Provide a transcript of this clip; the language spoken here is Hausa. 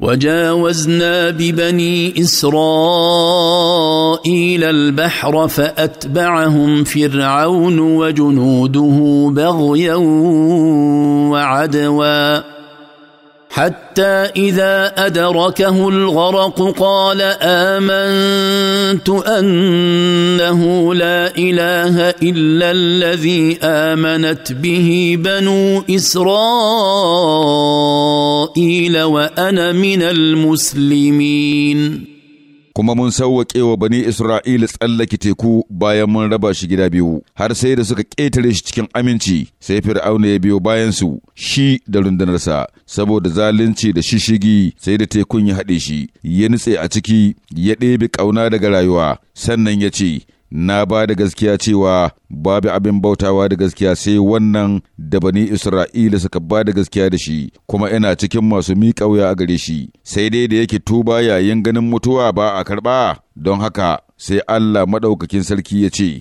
وجاوزنا ببني اسرائيل البحر فاتبعهم فرعون وجنوده بغيا وعدوا حتى اذا ادركه الغرق قال امنت انه لا اله الا الذي امنت به بنو اسرائيل وانا من المسلمين kuma mun sauwaƙe wa bani Isra'ila tsallake teku bayan mun raba shi gida biyu, har sai da suka ƙetare shi cikin aminci, sai Fir'auna ya biyo bayansu shi da rundunarsa, saboda zalunci da shishigi sai da tekun ya haɗe shi, ya nutse a ciki, ya ɗebe ƙauna daga rayuwa, sannan ya ce, na ba da gaskiya cewa babu abin bautawa da gaskiya sai wannan da bani Isra'ila suka ba da gaskiya da shi, kuma ina cikin masu miƙa wuya a gare shi, sai dai da yake tuba yayin ganin mutuwa ba a karɓa, don haka sai Allah maɗaukakin sarki ya ce,